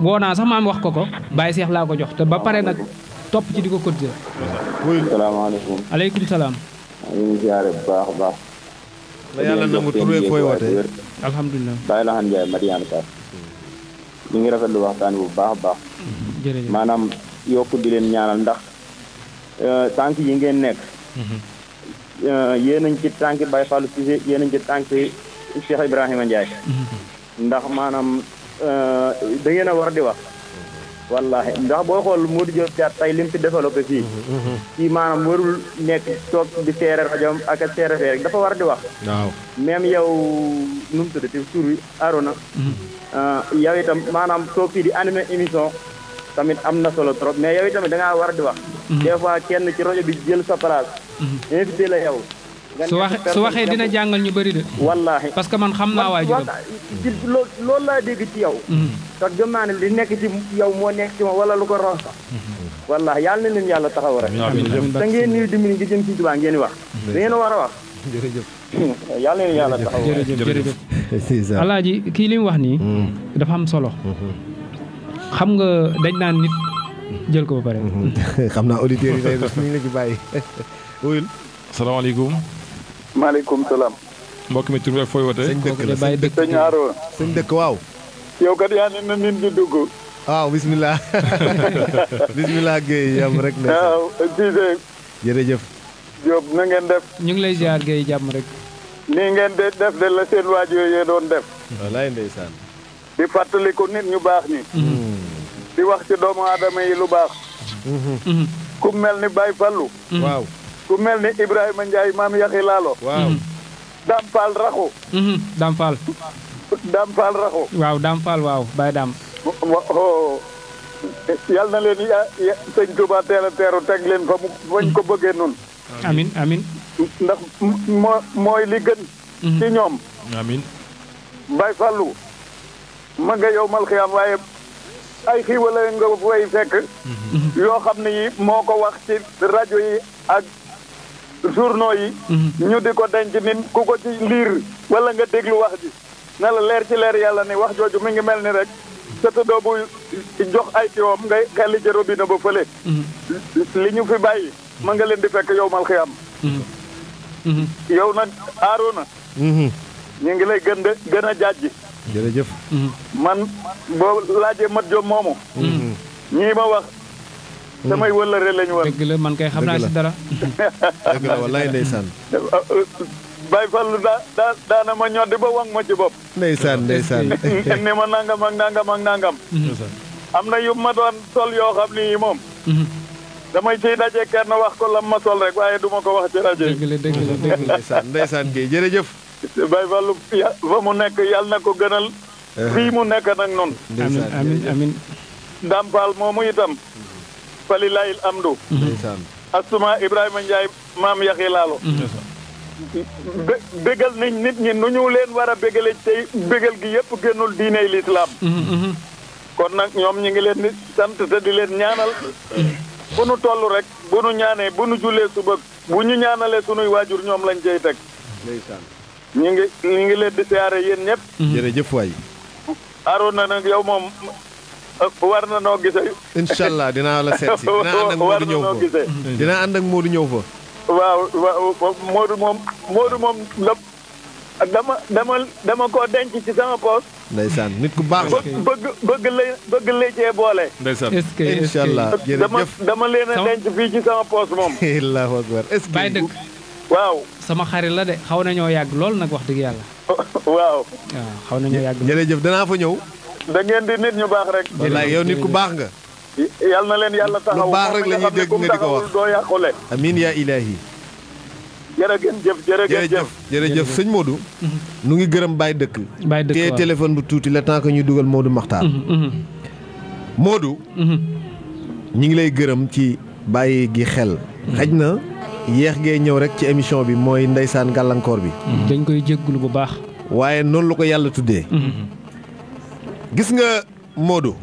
woo naa sax maam wax ko ko. Baye Cheikh laa ko jox te ba pare nag topp ci di ko cotiser. salaamaaleykum. aleykum salaam. ñu ngi ziare bu baax baax. la yàlla nangu turee fooy wootee. alhamdulilah. ñu ngi rafetlu waxtaan bu baax baax. jërëjëf maanaam yokk di leen ñaanal ndax euh, tànk yi ngeen nekk. Mm-hmm. Euh, yéen nañ ci tànk Baye Fallou Cissé yéen nañ ci tànk Cheikh Ibrahima Ndiaye. Mm-hmm. ndax maanaam euh, da ngeen a war di wax. wallahi ndax boo xool moo Diop Thiat tey li mu fi développé fii. Mhm, mhm. kii maanaam warul nekk toog di seere rajoom ak a seere fee dafa war di wax. waaw même yow nu mu tuddati tur wi Arona. Mhm. Ah, yow itam maanaam soo fii di animé émission tamit am na solo trop mais yow itamit da ngaa war di wax. des fois kenn ci rajo bi jël sa place. invité la yow. su waxee su waxee dina jàngal ñu bari de. wallaahi parce que man xam naa waajuram. loolu loolu laa dégg ci yow. te mm-hmm. gëm naa ne li nekk ci yow moo nekk ci ma wala lu ko roon sax. Mm-hmm. wallaahi yàlla na leen yàlla taxaw rek. amiin te ngeen nii dimbali nga jëm ci jubaa ngeen wax. da mm-hmm. ngeen a war a wax. jërëjëf. yàlla na leen yàlla taxaw rek jërëjëf jërëjëf. c'est ça alaaji kii li mu wax nii. dafa am solo. xam nga dañ naan nit jël ko ba pare. xam naa auditeurs yi day def ni ñu la ci bàyyi. wuyul asalaamaaleykum. maaleykum salaam. mbokk mi ci beeg fooy wootee. sëñ dëkk la sëñ dëkk sëñ Arouna. sëñ dëkk waaw. yow kat yaa ne na nit ñi dugg. waaw bisimilah. bisimilah Guèye yam rek la. waaw Cissé. jërëjëf. Diop na ngeen def. ñu ngi lay ziar Guèye jàmm rek. nii ngeen de def de la seen waajur yee doon def. walaay ndeysaan. di fàttaliku nit ñu baax ñi. Mm-hmm. di wax ci doomu aadama yi lu baax. Mm-hmm. Mm-hmm. ku mel ni Baye Fallou. waaw. ku mel ni Ibrahima Ndiaye maam yaxi laalo waaw mhm. Dame raxu mhm. Dame Fall Dame Fall raxu waaw Dame Fall waaw Baye Dame yal na leen ya sëñ Touba teel a teeru leen fa mu fañ ko bëggee mhm. amin amin ndax moo mooy li gën ci ñoom amin Baye Fallou nga yow mal xiyaam waaye ay xiiwala nga fay fekk yoo xam ne moo ko wax ci rajo yi ak journaux yi. Mhm. ñu di ko denc nit ku ko ci liir wala nga déglu wax ji na la leer ci leer yàlla ni wax jooju mi ngi mel ni rek sa tëddoo bu ay tiwoom ngay xelli ci robinet ba fële. Mhm. li ñu fi bàyyi ma nga leen di fekk yow mal xiyam. Mhm. yow nag aaru na. ñu ngi lay gën de gën a jaajji. jërëjëf. man boo laajee mat jom moomu. ñii ma wax. samay hmm. wëllëre lañu war dëgg la man kay xam naa si dara. dëgg la wallaay ndeysaan. Baye Fallou daana ma ñoddi ba wang ma ci bopp. ndeysaan ndeysaan. ma nangam ak nangam ak nangam. am na yu ma doon sol yoo xam ni moom. Mhm. damay ciy daje kenn wax ko lam ma sol rek waaye duma ko wax ci rajo yi. dëgg la dëgg la dëgg la ndeysaan ndeysaan kay jërëjëf. Baye Fallou ya fa mu nekk yàlla na ko gënal. Eh. fii mu nekk nag noonu. amiin amiin amiin. Dampal moomu itam. am amdu asuma Ibrahima Ndiaye maam Yaxya Laalo bé bégal nit ñi nu ñu leen war a bégale tey bégal gi yëpp génnul diiney lislaam mhm, mhm. kon nag ñoom ñi ngi leen sant te di leen ñaanal bu nu toll rek bu nu ñaanee bu nu jullee suba bu ñu ñaanalee sunuy waajur ñoom lañ cey teg ñi ngi ñi ngi leen di siyaare yéen ñëpp mhm. jërëjëf waay Arona nag yow moom war na noo gisee. incha allah dinaa la seet si dinaa ànd ak Modou ñëw fa. waaw waaw Modou moom Modou moom dama dama dama koo denc ci sama poos. ndeysaan nit ku baax la. bëgg bëgg la bëgg la cee boole. ndeysaan est-ce que incha allah jërëjëf dama leen a denc fii ci sama poos moom. allahu akbar waaw. sama xarit la de xaw nañoo yàgg lool nag wax dëgg yàlla. waaw. waaw xaw nañoo yàgg. jërëjëf danaa fa ñëw. da ngeen di nit ñu baax rek. wallaay yow nit ku baax nga. yal na leen yàlla taxaw baax rek la ñuy dégg nga di ko wax doo yàqule. amiin yaa ilaahi. jërëgën jëf jërëjëf jërëjëf sëñ Modou. Mhm. nu ngi gërëm Baye Dëkk. Baye Dëkk téléphone bu tuuti le temps que ñuy dugal Modou Makhtar. Mhm, mhm. Modou. ñu ngi lay gërëm ci bàyyi gi xel. xaj na yéex gee ñëw rek ci émission bi mooy ndeysaan gàllankoor bi. dañ koy jéggulu bu baax. waaye noonu la ko yàlla tuddee. gis nga Modou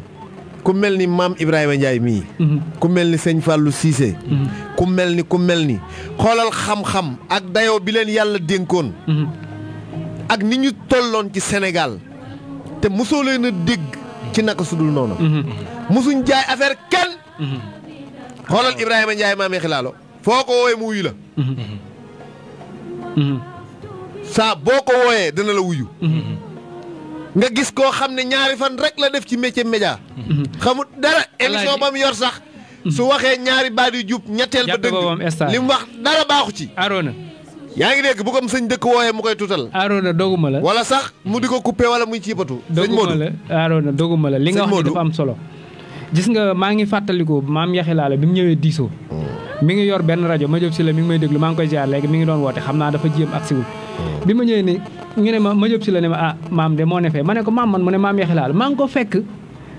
ku mel ni maam Ibrahima njaay mii. Mhm. ku mel ni sëñ Fallou Cissé. Mhm. ku mel ni ku mel ni xoolal xam-xam ak dayoo bi leen yàlla dénkoon. Mhm. ak ni ñu tolloon ci Sénégal te mosoo leen a dégg ci naka sudul noonu. mosuñ jaay affaire kenn. xoolal Ibrahima Ndiaye maamee xilaalo foo ko wooyee mu wuyu la. saa boo ko wooyee dana la wuyu. nga gis koo xam ne ñaari fan rek la def ci métier média mhm. xamul dara émission ba mu yor sax mhm. su waxee ñaari baat yu jub ñetteel ba dëgg li mu wax dara baaxu ci Arona yaa ngi dégg bu ko sëñ dëkk wooyee mu koy tuutal Arona doguma la wala sax mu di ko coupé wala muy ciibatu sëñ Modou doguma la Arona doguma la li nga wax dafa am solo gis nga maa ngi fàttaliku maam yaxi laala bi mu ñëwee diisoo oh. mi ngi yor benn rajo ma jóg si la mi ngi may déglu maa ngi koy jaar léegi mi ngi doon woote xam naa dafa jéem ak oh. bi ma ñëwee ne ñu ne ma ma jëb si la ne ma ah, maam de moo ne fee ma ne ko maam man mu ne maam yaxelaal maa ngi ko fekk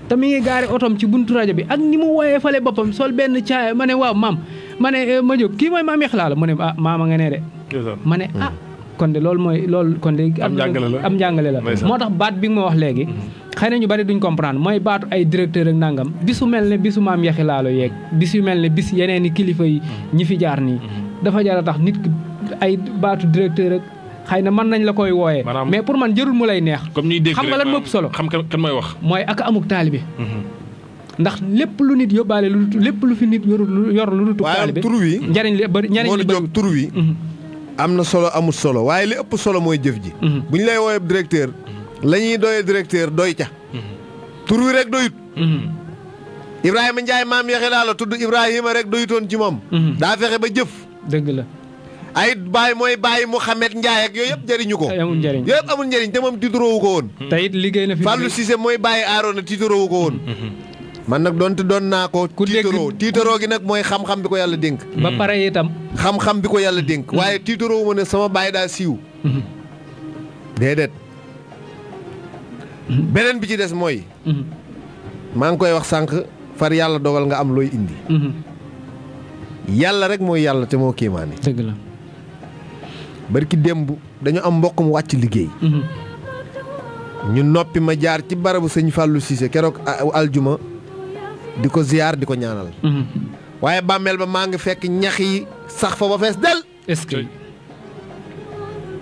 te mi ngi gaari otoom ci buntu rajo bi ak ni mu wooyee fale boppam sol benn caaya ma ne waaw maam ma ne eh, ma jób kii mooy maam yaxelaal mu ne ah maama nga nee de ma ne ah kon de loolu mooy loolu kon de am njàngale la moo tax baat bi nga wax léegi mm-hmm. xëy na ñu bari duñ comprendre mooy baatu ay directeur ak nangam bisu mel ne bisu maam yaxi laalo yeeg bis yu mel ne bis yeneen i kilifa yi mm-hmm. ñi fi jaar nii mm-hmm. dafa jar a tax nit ay baatu directeur ak xay na man nañ la koy wooyee mais pour man jërul mu lay neex xam nga lan mëpp solo xam kan mooy wax mooy ak amuk taalibe mhm. ndax lépp lu nit yóbbaale lu lépp lu fi nit yor lu dul taalibe tur wi njariñ li bëri njariñ li bëri tur mhm. am na solo amul solo waaye li ëpp solo mooy jëf ji mhm. bu ñu lay wooyee directeur la ñuy doyee directeur doy ca tur wi rek doyut Ibrahima maam yaxe laa la tudd Ibrahima rek doyutoon ci moom daa fexe ba jëf dëgg la ay baay mooy bàyyi Mouhamed Ndiaye ak yooyu yëpp jëriñu ko. amul njëriñ yooyu yëpp amul njëriñ te moom tiitaroowu ko woon. Hmm. te it na fi Fallou mooy bàyyi Arona tiitaroowu ko woon. Hmm. man nag doonte doon naa ko. ku dégg tiitaroo gi nag mooy xam-xam bi ko yàlla dénk. Hmm. ba pare itam. xam-xam bi ko yàlla dénk. waaye tiitaroo ma ne sama bàyyi daa siiw. déedéet. beneen bi ci des mooy. maa ngi koy wax sànq far yàlla dogal nga am looy indi. yàlla rek mooy yàlla te moo kéemaane. dëgg la. barki démb dañu am mbokk mu wàcc liggéey. Mhm. ñu noppi ma jaar ci bu sëñ Fallou Cissé keroog aljuma di ko ziyaar di ko ñaanal. Mhm. waaye bàmmeel ba maa ngi fekk ñax yi sax fa ba fees del. est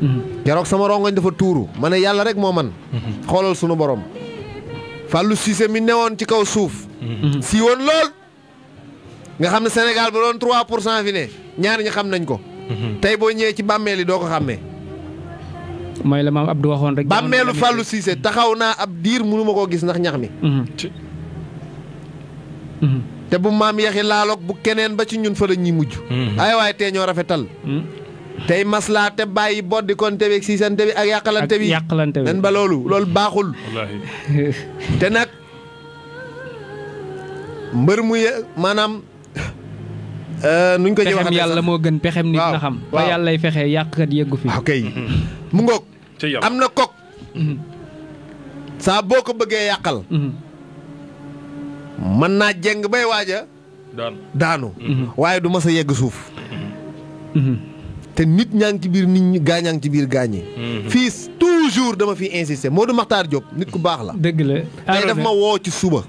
mhm. keroog sama rongoñ dafa tuuru ma ne yàlla rek moo man xoolal sunu borom. Fallou Cissé mi woon ci kaw suuf. siiwoon lool. nga xam ne Sénégal bu doon 3 pour cent fi ne ñaar ñi xam nañ ko. tey boo ñëwee ci bàmmeel yi doo ko xàmmee. la maam Abdou waxoon bàmmeelu Fallou Cissé taxaw naa ab diir mënuma koo gis ndax ñax mi. Mhm. Mhm. te bu maam yaxi laaloog bu keneen ba ci ñun fa la ñuy mujj. Mhm. ay waaye tey ñoo rafetal. tey maslaa te bàyyi boddi kon bi ak yàqalante bi ak yàqalante bi nen ba loolu lool baaxul. te nag mbër mu ye maanaam. Euh, nuñ ko jëwaatee sax pexem yàlla moo gën pexem nit na xam. waaw ba yàllay fexe yàqkat yeggu fi. ok mm-hmm. mu ngoog. am na kok. Mm-hmm. saa boo ko bëggee yàqal. Mm-hmm. mën naa jeng bay waaja. daanu waaye du mas a yegg suuf. te nit ñaa ngi ci biir nit ñi gaañaa ngi ci biir gaañi. fii toujours dama fi moo Modou Makhtar Diop nit ku baax la. dëgg la tey daf ma woo ci suba.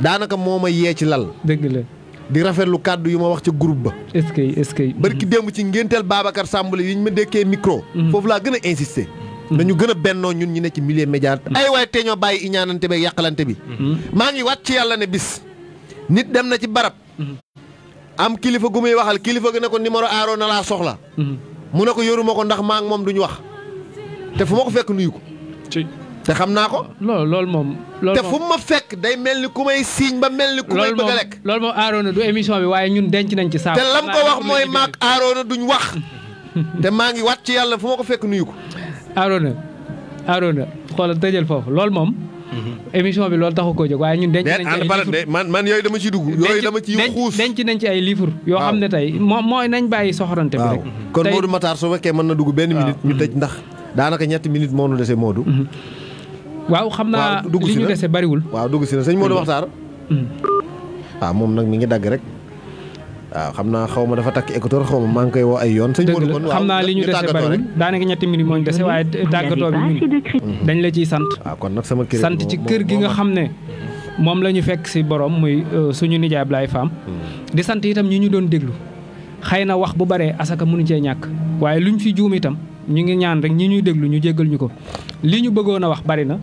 daanaka moo ma yee ci lal. dëgg di rafetlu kàddu yu ma wax ca groupe ba. est-ce que barki démb ci ngénteel Babacar Samb yi ñu ma dékkee micro. Mm-hmm. foofu laa gën a insister. dañu mm-hmm. gën a bennoo ñun ñu ne ci milieu média. Mm-hmm. ay waaye te ñoo bàyyi iñaanante beeg yàqalante bi. maa ngi wat ci yàlla ne bis. nit dem na ci barab. am kilifa gu muy waxal kilifa gi ne ko numéro aaro na laa soxla. mu ne ko yoruma ko ndax maa ngi moom duñu wax. te fu ma ko fekk nuyu ko. te xam naa ko. loolu loolu moom. loolu moom te fu ma fekk day mel ni ku may siiñ ba mel ni ku may bëgg lekk. loolu moom Arona du émission bi waaye ñun denc nañ ci saako. lam ko wax mooy maak Arona duñ wax. te maa ngi wat ci yàlla fu ma ko fekk nuyu ko. Arona Arona xoolal tëjal foofu loolu moom. Mhm. émission bi loolu taxu koo jóg waaye ñun denc nañ ci ay livre yooyu dama ci dugg yooyu dama ci xuus denc ci ay livre yoo xam ne tey moo mooy nañ bàyyi soxorante bi rek kon Modou Matar su fekkee mën na dugg benn minute ñu tëj ndax daanaka ñetti minute moo nu dese Modou mhm. waaw xam naa li ñu dese bariwul. waaw dugg si na sëñ Modou Maxtaar. Hmm. waaw moom nag mi ngi dagg rek. waaw xam naa xaw ma dafa takk écouteur xaw ma maa ngi koy woo ay yoon. sëñ Modou kon waaw xam li ñu dese bariwul daanaka ñetti minutes moo ñu dese waaye tàggatoo bi mi ngi. Mhm. dañ la ciy sant. waaw kon nag sama kër sant ci kër gi nga xam ne. moom la ñu fekk si boroom muy euh, suñu nijaay Ablaye Fam. Mhm. di sant itam ñi ñu doon déglu. xëy na wax bu baree asaka mënu cee ñàkk waaye lu luñ fi juum itam ñu ngi ñaan rek ñi ñuy déglu ñu jéggal ñu ko li ñu bëggoon a wax bari na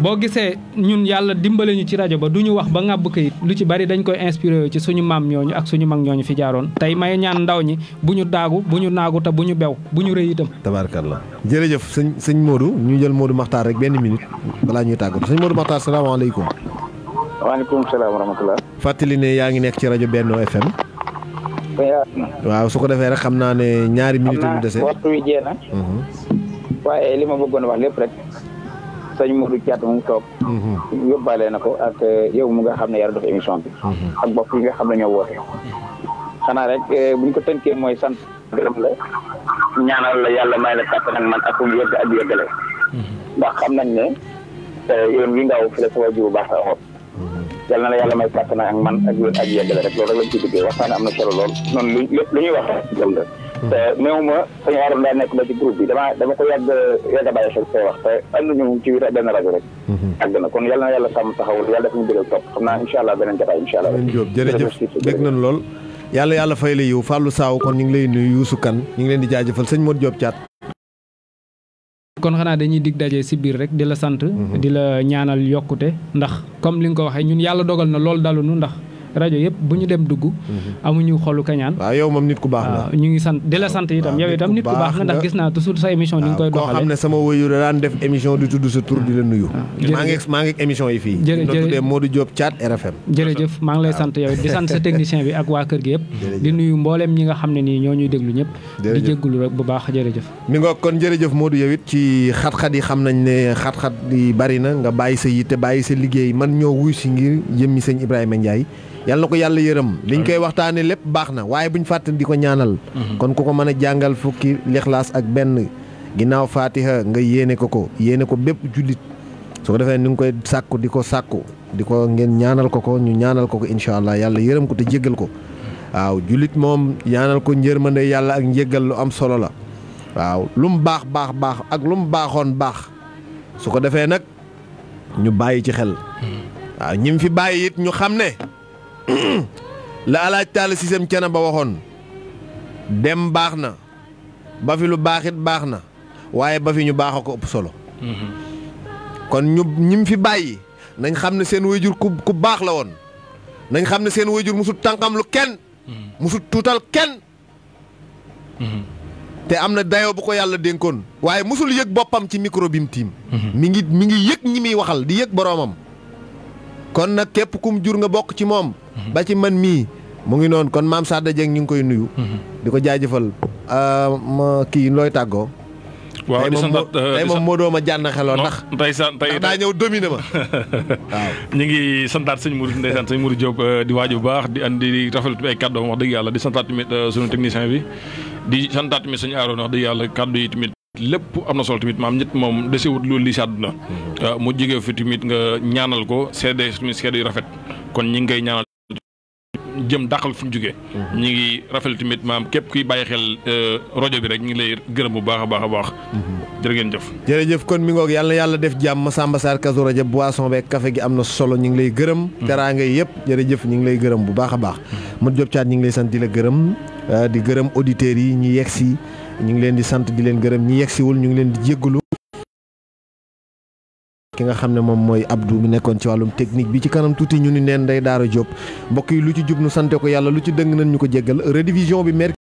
boo gisee ñun yàlla dimbale ñu ci rajo ba du ñu wax ba ngàbb kayit lu ci bari dañ koy inspiré ci suñu maam ñooñu ak suñu mag ñooñu fi jaaroon tey may ñaan ndaw ñi bu ñu daagu bu ñu naagu te bu ñu bew bu ñu rëy itam tabaarakallah jërëjëf sëñ sëñ Modou ñu jël Modou Makhtar rek benn minute balaa ñuy tàggatu sëñ Modou Makhtar salaamaaleykum waaleykum fàttali ne yaa ngi nekk ci rajo Benno FM waaw su ko defee rek xam naa ne ñaari minute ñu waaye li ma bëggoon wax lépp rek sëñ Modou Thiat mu ngi toog. Mhm. na ko ak yow mu nga xam ne yàlla dafa émission bi. Mhm. ak bopp yi nga xam ne ñoo woote. xanaa rek eh, buñ ko tënkee mooy sant gërëm la ñaanal la yàlla may le kàttan ak man ak lu yëgg ak yëggale. Mhm. ndax xam nañ ne eh, yoon wi nga fi la sa wajur bu baax a xool. yal na la yàlla may kàttan ak man ak lu ak yëggale rek loolu rek lañ ci duggee waxtaan am na solo lool noonu lu ñuy wax gëm la. ma sëñ Arouna daa nekk ba ci groupe bi damaa dama ko yàgg yàgg a bàyyi wax te am nañu ci biir benn rek. Mhm. àgg na kon yàlla na yàlla sàmm taxawul yàlla dafa ñu bégal topp xam naa incha allah beneen lool yàlla yàlla fay la yow Fallou Saaw kon ñu ngi lay nuyu Youssou Kane ñu ngi leen di jaajëfal sëñ Modou Diop Thiat. kon xanaa dañuy dig daje si biir rek di la sant. Mhm. di la ñaanal yokkute ndax comme li nga ko waxee ñun yàlla dogal na loolu dalunu ndax rajo yëpp bu ñu dem dugg mm-hmm. amuñu xolu kañaan waaw yow moom nit ku baax ñu ngi sant di la sant itam yow itam nit ku nga ndax gis naa toujours sa émission ni nga koy doxale koo xam ne sama wëyu da daan def émission di tudd sa tur di la nuyu maa ngi maa ngi émission yi fii jërëjëf Modou Diop Thiat RFM jërëjëf maa ngi lay sant yow di sant sa technicien bi ak waa kër gi yëpp di nuyu mbooleem ñi nga xam ne nii ñoo ñuy déglu ñëpp di jéggulu rek bu baax jëf mi nga kon jërëjëf Modou yow it ci xat-xat yi xam nañ ne xat-xat bari na nga bàyyi sa yitte bàyyi sa liggéey man ñoo wuy si ngir jëmmi sëñ Ibrahima Ndiaye yàlla ko yàlla yërëm liñ koy waxtaane lépp baax na waaye buñ fàttali di ko ñaanal mhm. kon ku ko mën a jàngal fukki lixlaas ak benn ginnaaw faatiha nga yéene ko ko yéene ko bépp jullit su ko defee ni nga koy sàkku di ko sàkku di ko ngeen ñaanal ko ko ñu ñaanal ko ko incha allah yàlla yërëm ko te jéggal ko waaw jullit moom ñaanal ko njërmande yàlla ak njéggal lu am solo la waaw lu mu baax baax baax ak lu mu baaxoon baax su ko defee nag ñu bàyyi ci xel mhm. waaw ñim ñu xam la alaaj taal sisem cana ba waxoon dem baax na ba fi lu baaxit baax na waaye ba fi ñu baax a ko ëpp solo kon ñu ñim fi bàyyi nañ xam ne seen wayjur ku ku baax la woon nañ xam ne seen wayjur musut tànqam lu kenn musut tuutal kenn te am na dayoo bu ko yàlla dénkoon waaye musul yëg boppam ci micro bi mu tiim mi ngi mi ngi yëg ñi muy waxal di yëg boroomam kon nag képp kum jur nga bokk ci moom ba ci man mii mu ngi noonu kon maam Sada Dieng ñu ngi koy nuyu. di ko jaajëfal ah, ma kii looy tàggoo. waaw di sant euh, tey moom moo dooma jànn xeloo ndax ndeysaan tey daa ñëw dominé ma waaw ñu ngi santaat sëñ Mourou ndeysaan sëñ Mourou Diop euh, di waaju bu baax di andi rafetlu ay kàddoom wax dëgg yàlla di santaat tamit euh, suñu technicien bi di santaat tamit sëñ Aaroon wax dëgg yàlla kàddu yi tamit lépp am na solo tamit maam ñett moom desewut loolu li si àdduna mm-hmm. mu jógee fi tamit nga ñaanal ko seede suñu seede yu rafet kon ñi ngi koy ñaanal jëm dàqal fu ñu jógee mhm. ñu ngi rafetlu tamit maam képp kuy bàyyi xel euh, rajo bi rek ñu ngi lay gërëm bu baax a baax a baax mhm. jërë ngeen jëf jërëjëf kon mi ngoog yàlla na yàlla def jàmm Samba Sarr Kazu Rajab boisson beeg café gi am na solo ñu ngi lay gërëm mhm. teraanga yëpp jërëjëf ñu ngi lay gërëm bu baax a baax Modou Diop Thiat ñu ngi lay sant di la gërëm euh, di gërëm auditeurs yi ñu yegsi ñu ngi leen di sant di leen gërëm ñi yegsiwul ñu ngi leen di jéggalu ki nga xam ne moom mooy Abdou mi nekkoon ci wàllum technique bi ci kanam tuuti ñu ni neen day daara Diop mbokk yi lu ci jub nu sante ko yàlla lu ci dëng nañ ñu ko jéggal rédivision bi